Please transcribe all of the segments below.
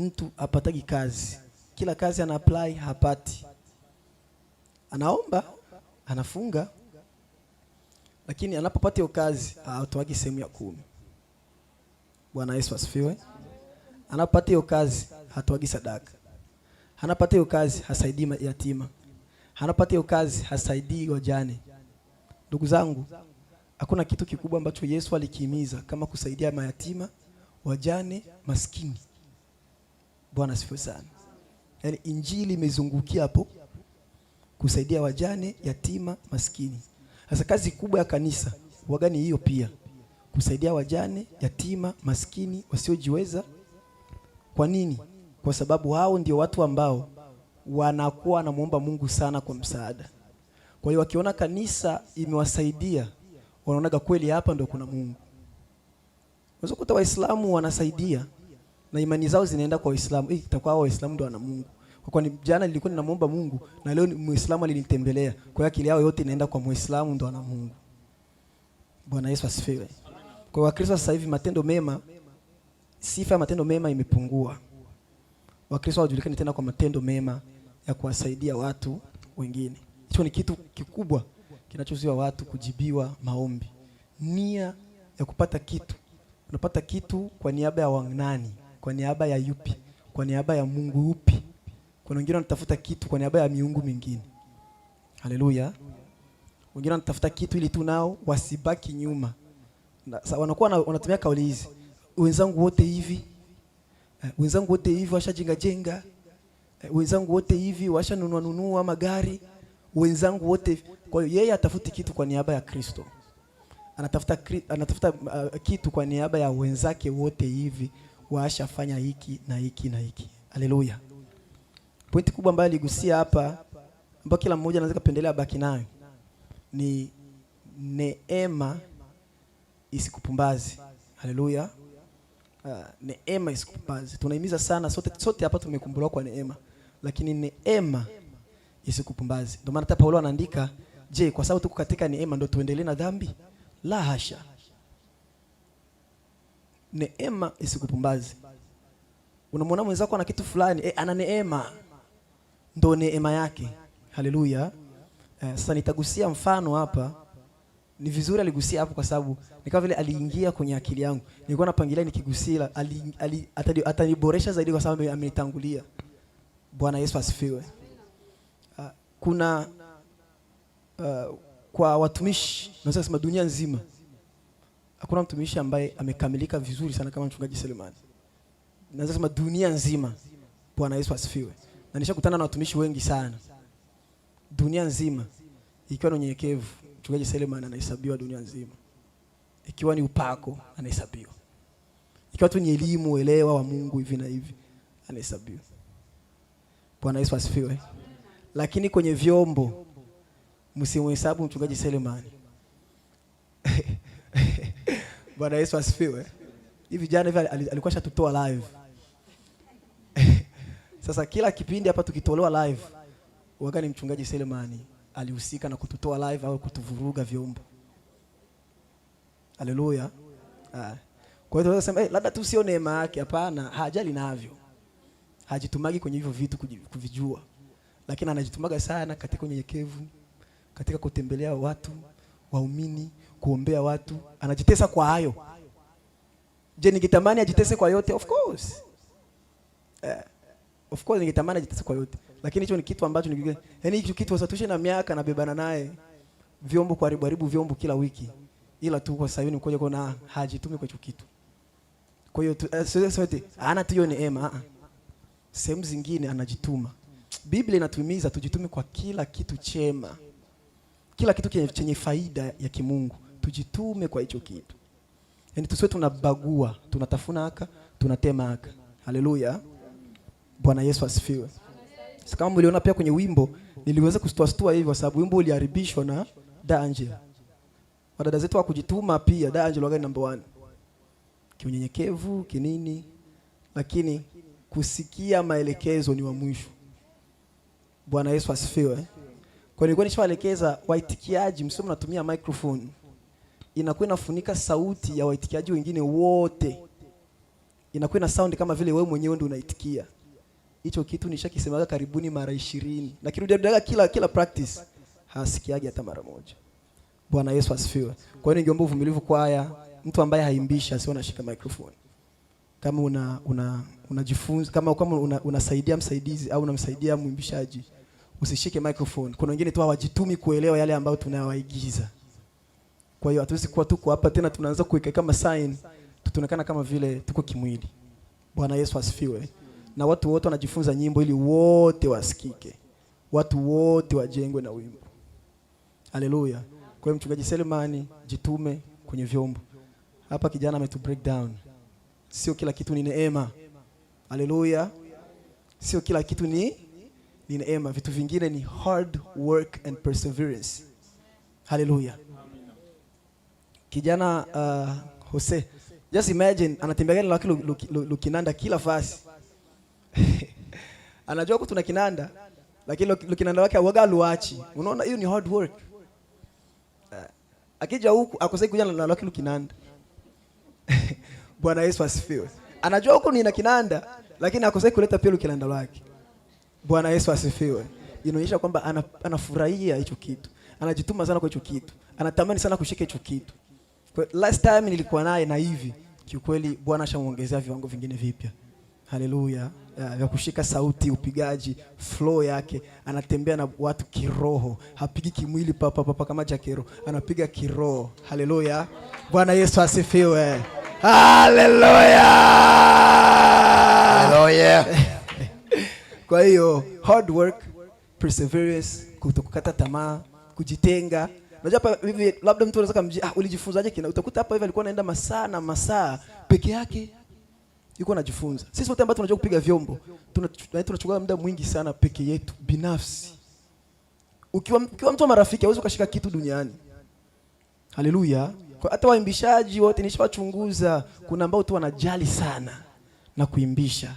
mtu apatagi kazi, kila kazi ana apply hapati, anaomba anafunga, lakini anapopata hiyo kazi hatoagi sehemu ya kumi. Bwana Yesu asifiwe. Anapopata hiyo kazi hatoagi sadaka, anapata hiyo kazi hasaidii yatima, anapata hiyo kazi hasaidii wajane. Ndugu zangu, hakuna kitu kikubwa ambacho Yesu alikiimiza kama kusaidia mayatima, wajane, maskini Bwana sifu sana. Yaani injili imezungukia hapo kusaidia wajane, yatima, maskini. Sasa kazi kubwa ya kanisa wagani hiyo pia kusaidia wajane, yatima, maskini, wasiojiweza. Kwa nini? Kwa sababu hao ndio watu ambao wanakuwa wanamwomba Mungu sana kwa msaada. Kwa hiyo wakiona kanisa imewasaidia, wanaonaga kweli hapa ndio kuna Mungu. Unaweza kuta Waislamu wanasaidia na imani zao zinaenda kwa Waislamu. Hii itakuwa Waislamu ndio wana Mungu. Kwa kwani jana nilikuwa ninamuomba Mungu na leo Muislamu alinitembelea. Kwa hiyo akili yao yote inaenda kwa Muislamu ndio wana Mungu. Bwana Yesu asifiwe. Kwa Wakristo sasa hivi matendo mema, sifa ya matendo mema imepungua. Wakristo hawajulikani tena kwa matendo mema ya kuwasaidia watu wengine. Hicho ni kitu kikubwa kinachozuia watu kujibiwa maombi. Nia ya kupata kitu, unapata kitu kwa niaba ya wanani? kwa niaba ya yupi? Kwa niaba ya Mungu upi Kuna wengine wanatafuta kitu kwa niaba ya miungu mingine. Haleluya! Wengine wanatafuta kitu ili tu nao wasibaki nyuma, wanakuwa wanatumia kauli hizi, wenzangu wote hivi, eh, wenzangu wote hivi washajenga jenga, eh, wenzangu wote hivi washanunua nunua magari, wenzangu wote. Kwa hiyo yeye atafuti kitu kwa niaba ya Kristo, anatafuta, anatafuta uh, kitu kwa niaba ya wenzake wote hivi fanya hiki na hiki na hiki. Haleluya! Pointi kubwa ambayo aligusia hapa ambayo kila mmoja anaweza kupendelea baki nayo ni neema isikupumbazi Haleluya! Uh, neema isikupumbazi Tunahimiza sana sote, sote hapa tumekumbuliwa kwa neema, lakini neema isikupumbazi Ndio maana hata Paulo anaandika, je, kwa sababu tuko katika neema ndio tuendelee na dhambi? La hasha neema isikupumbaze. Unamwona mwenzako ana kitu fulani eh, ana neema, ndo neema yake. Haleluya! Eh, sasa nitagusia mfano hapa. Ni vizuri aligusia hapo, kwa sababu nikawa vile aliingia kwenye akili yangu, nilikuwa napangilia nikigusia, ali, ataniboresha zaidi, kwa sababu amenitangulia. Bwana Yesu asifiwe. Uh, kuna uh, kwa watumishi naweza kusema dunia nzima hakuna mtumishi ambaye amekamilika vizuri sana kama mchungaji Selemani. Naweza sema dunia nzima. Bwana Yesu asifiwe. Na nishakutana na watumishi wengi sana dunia nzima, ikiwa ni unyenyekevu, mchungaji Selemani anahesabiwa dunia nzima, ikiwa ni upako anahesabiwa, ikiwa tu ni elimu, uelewa wa Mungu hivi na hivi anahesabiwa. Bwana Yesu asifiwe. Lakini kwenye vyombo msimuhesabu mchungaji Selemani Bwana Yesu asifiwe. Hivi jana hivi alikuwa shatutoa live. Sasa kila kipindi hapa tukitolewa live, wakani mchungaji Selemani alihusika na kututoa live au kutuvuruga vyombo. Haleluya. Ah. Kwa hiyo tunaweza eh, labda tu sio neema yake. Hapana, hajali navyo, hajitumagi kwenye hivyo vitu kuvijua, lakini anajitumaga sana katika unyenyekevu, katika kutembelea watu waumini kuombea watu, anajitesa kwa hayo. Je, ningetamani ajitese kwa yote? Of course, uh, of course ningetamani ajitese kwa yote, lakini hicho ni kitu ambacho ni yani, hicho kitu wasatoshe na miaka na bebana naye vyombo kwa haribu haribu vyombo kila wiki, ila tu kwa sasa Sayuni mkoje kuna ah, hajitumi kwa hicho kitu. Kwa hiyo sote eh, sote ana tu hiyo neema, ah, ah. sehemu zingine anajituma. Biblia inatuhimiza tujitume kwa kila kitu chema, kila kitu chenye faida ya kimungu tujitume kwa hicho kitu, yaani tusiwe tunabagua, tunatafuna haka tunatema haka. Haleluya, Bwana Yesu asifiwe. Kama mliona pia kwenye wimbo niliweza kustuastua hivi, kwa sababu wimbo uliharibishwa na Da Angel. Wadada zetu wa kujituma pia, Da Angel wagani number one kiunyenyekevu kinini, lakini kusikia maelekezo ni wa mwisho. Bwana Yesu asifiwe. Kwa nilikuwa nishawaelekeza waitikiaji, msio mnatumia microphone inakuwa inafunika sauti ya waitikiaji wengine wote, inakuwa ina sound kama vile wewe mwenyewe ndio unaitikia. Hicho kitu nishakisemaga karibuni mara ishirini na kirudiarudiaga kila kila practice, hasikiagi hata mara moja. Bwana Yesu asifiwe. Kwa hiyo ningeomba uvumilivu kwa haya, mtu ambaye haimbishi asiwe anashika microphone. Kama una una unajifunza kama kama una, unasaidia msaidizi au unamsaidia mwimbishaji, usishike microphone. Kuna wengine tu hawajitumi kuelewa yale ambayo tunayowaigiza. Kwa hiyo hatuwezi kuwa tuko hapa tena tunaanza kuweka kama sign, tunaonekana kama vile tuko kimwili. Bwana Yesu asifiwe. Na watu wote wanajifunza nyimbo ili wote wasikike, watu wote wajengwe na wimbo. Haleluya! Kwa hiyo mchungaji Selemani, jitume kwenye vyombo hapa. Kijana ametu break down, sio kila kitu ni neema. Haleluya! Sio kila kitu ni ni neema, vitu vingine ni hard work and perseverance. Haleluya! kijana uh, Jose. Just imagine anatembea gani lakini Lukinanda kila fasi. Anajua kwa tuna kinanda lakini Lukinanda wake huaga luachi. Unaona hiyo ni hard work. Uh, akija huku akosei kuja na lakini Lukinanda. Bwana Yesu asifiwe. Anajua huko ni na kinanda lakini akosei kuleta pia Lukinanda wake. Bwana Yesu asifiwe. Inaonyesha kwamba anafurahia ana hicho kitu. Anajituma sana kwa hicho kitu. Anatamani sana kushika hicho kitu. Last time nilikuwa naye na hivi kiukweli, Bwana ashamuongezea viwango vingine vipya. Haleluya, ah, vya kushika sauti, upigaji, flow yake, anatembea na watu kiroho, hapigi kimwili papa papa kama jakero, anapiga kiroho. Haleluya, Bwana Yesu asifiwe. Haleluya. Kwa hiyo hard work, perseverance, kutokukata tamaa, kujitenga Unajua hapa hivi labda mtu anaweza kumjia, ah, ulijifunzaje kina? Utakuta hapa hivi alikuwa anaenda masaa na masaa peke yake. Yuko anajifunza. Sisi wote ambao tunajua kupiga vyombo, tunachukua yaani tunachukua muda mwingi sana peke yetu binafsi. Ukiwa, ukiwa mtu wa marafiki hauwezi ukashika kitu duniani. Haleluya. Hata waimbishaji wote nishawachunguza, kuna ambao tu wanajali sana na kuimbisha.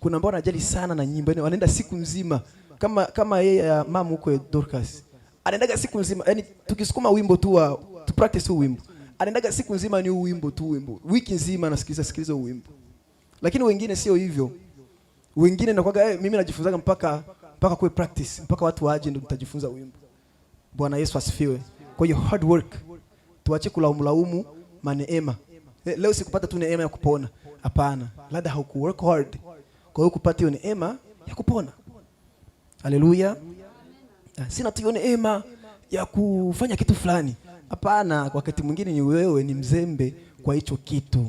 Kuna ambao wanajali sana na nyimbo, yaani wanaenda siku nzima kama kama yeye eh, mamu huko Dorcas anaendaga siku nzima, yani tukisukuma wimbo tu wa tu practice huu wimbo, anaendaga siku nzima ni huu wimbo tu, wimbo wiki nzima anasikiliza sikiliza huu wimbo. Lakini wengine sio hivyo, wengine nakwaga eh, mimi najifunzaga mpaka mpaka kwa practice, mpaka watu waje ndio nitajifunza wimbo. Bwana Yesu asifiwe. Kwa hiyo hard work, tuache kulaumu laumu maneema. eh, Leo sikupata tu neema ya kupona, hapana, labda hauku work hard, kwa hiyo kupata hiyo neema ya kupona. Haleluya sina tuione ema ya kufanya kitu fulani. Hapana, kwa wakati mwingine ni wewe ni mzembe kwa hicho kitu.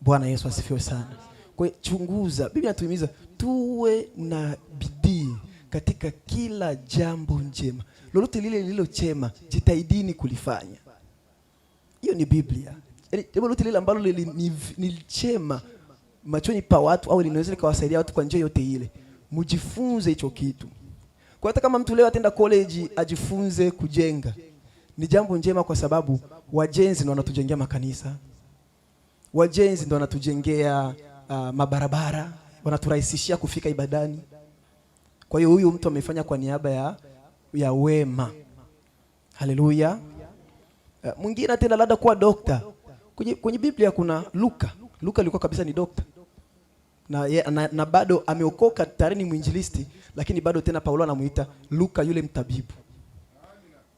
Bwana Yesu asifiwe sana. Kwa chunguza, Biblia inatuhimiza tuwe na bidii katika kila jambo njema. Lolote lile lililo jitahidini kulifanya. Hiyo ni Biblia. Yaani, lolote lile ambalo lilichema machoni pa watu au linaweza likawasaidia watu kwa njia yote ile, mujifunze hicho kitu. Kwa hata kama mtu leo atenda college ajifunze kujenga ni jambo njema, kwa sababu wajenzi ndio wanatujengea makanisa, wajenzi ndio wanatujengea uh, mabarabara, wanaturahisishia kufika ibadani. Kwa hiyo huyu mtu amefanya kwa niaba ya, ya wema. Haleluya. Eh, mwingine atenda labda kuwa dokta. Kwenye Biblia kuna Luka, Luka alikuwa kabisa ni dokta na, ye, na, na bado ameokoka tayari ni mwinjilisti, lakini bado tena Paulo anamuita Luka yule mtabibu.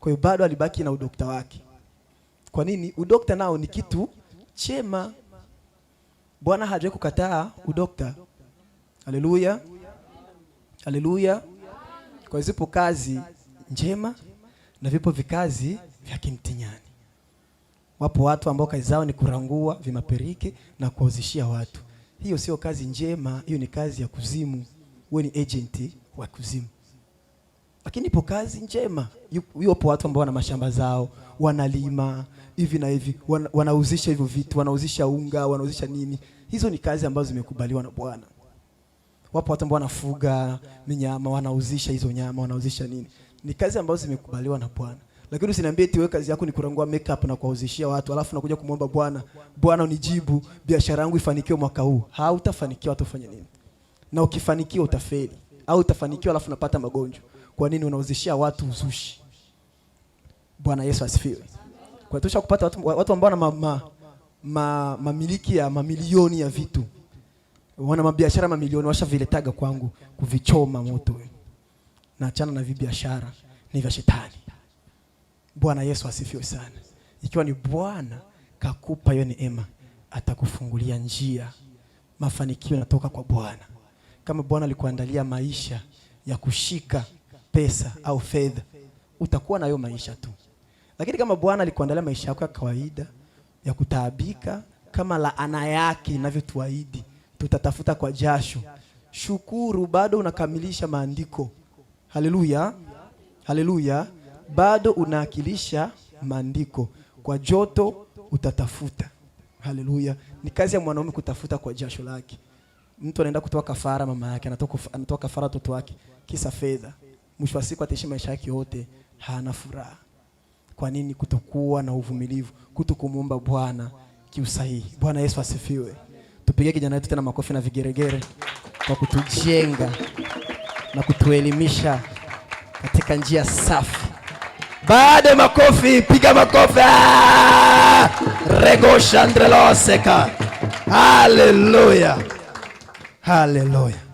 Kwa hiyo bado alibaki na udokta wake. Kwa nini? Udokta nao ni kitu chema. Bwana hajawahi kukataa udokta. Haleluya, haleluya! Kwa zipo kazi njema na vipo vikazi vya kimtinyani. Wapo watu ambao kazi zao ni kurangua vimaperike na kuwauzishia watu hiyo sio kazi njema, hiyo ni kazi ya kuzimu. Wewe ni agent wa kuzimu. Lakini ipo kazi njema, yupo watu ambao wana mashamba zao wanalima hivi na hivi, wanauzisha hivyo vitu, wanauzisha unga, wanauzisha nini. Hizo ni kazi ambazo zimekubaliwa na Bwana. Wapo watu ambao wanafuga minyama, wanauzisha hizo nyama, wanauzisha nini. Ni kazi ambazo zimekubaliwa na Bwana. Lakini usiniambie eti wewe kazi yako ni kurangua makeup na kuwauzishia watu, alafu nakuja kumwomba Bwana, Bwana unijibu, biashara yangu ifanikiwe mwaka huu. Hautafanikiwa, ufanye nini? Na ukifanikiwa utafeli, au utafanikiwa alafu unapata magonjwa. Kwa nini unauzishia watu uzushi? Bwana Yesu asifiwe. Kwa tosha kupata watu, watu ambao wana ma, ma, mamiliki ya mamilioni ya vitu wana mabiashara mamilioni, washa washaviletaga kwangu kuvichoma moto. Naachana na vibiashara, ni vya shetani. Bwana Yesu asifiwe sana. Ikiwa ni Bwana kakupa hiyo neema, atakufungulia njia. Mafanikio yanatoka kwa Bwana. Kama Bwana alikuandalia maisha ya kushika pesa au fedha, utakuwa na hiyo maisha tu. Lakini kama Bwana alikuandalia maisha yako ya kawaida ya kutaabika, kama laana yake inavyotuahidi, tutatafuta kwa jasho. Shukuru, bado unakamilisha maandiko. Haleluya, haleluya bado unaakilisha maandiko kwa joto utatafuta. Haleluya! Ni kazi ya mwanaume kutafuta kwa jasho lake. Mtu anaenda kutoa kafara mama yake, anatoa kafara mtoto wake, kisa fedha. Mwisho wa siku ataishi maisha yake yote hana furaha. Kwa nini? Kutokuwa na uvumilivu, kutokumwomba Bwana kiusahihi. Bwana Yesu asifiwe. Tupige kijana wetu tena makofi na vigeregere kwa kutujenga na kutuelimisha katika njia safi. Baada ya makofi, piga makofi. Ah! Regoshandreloseka. Haleluya, haleluya.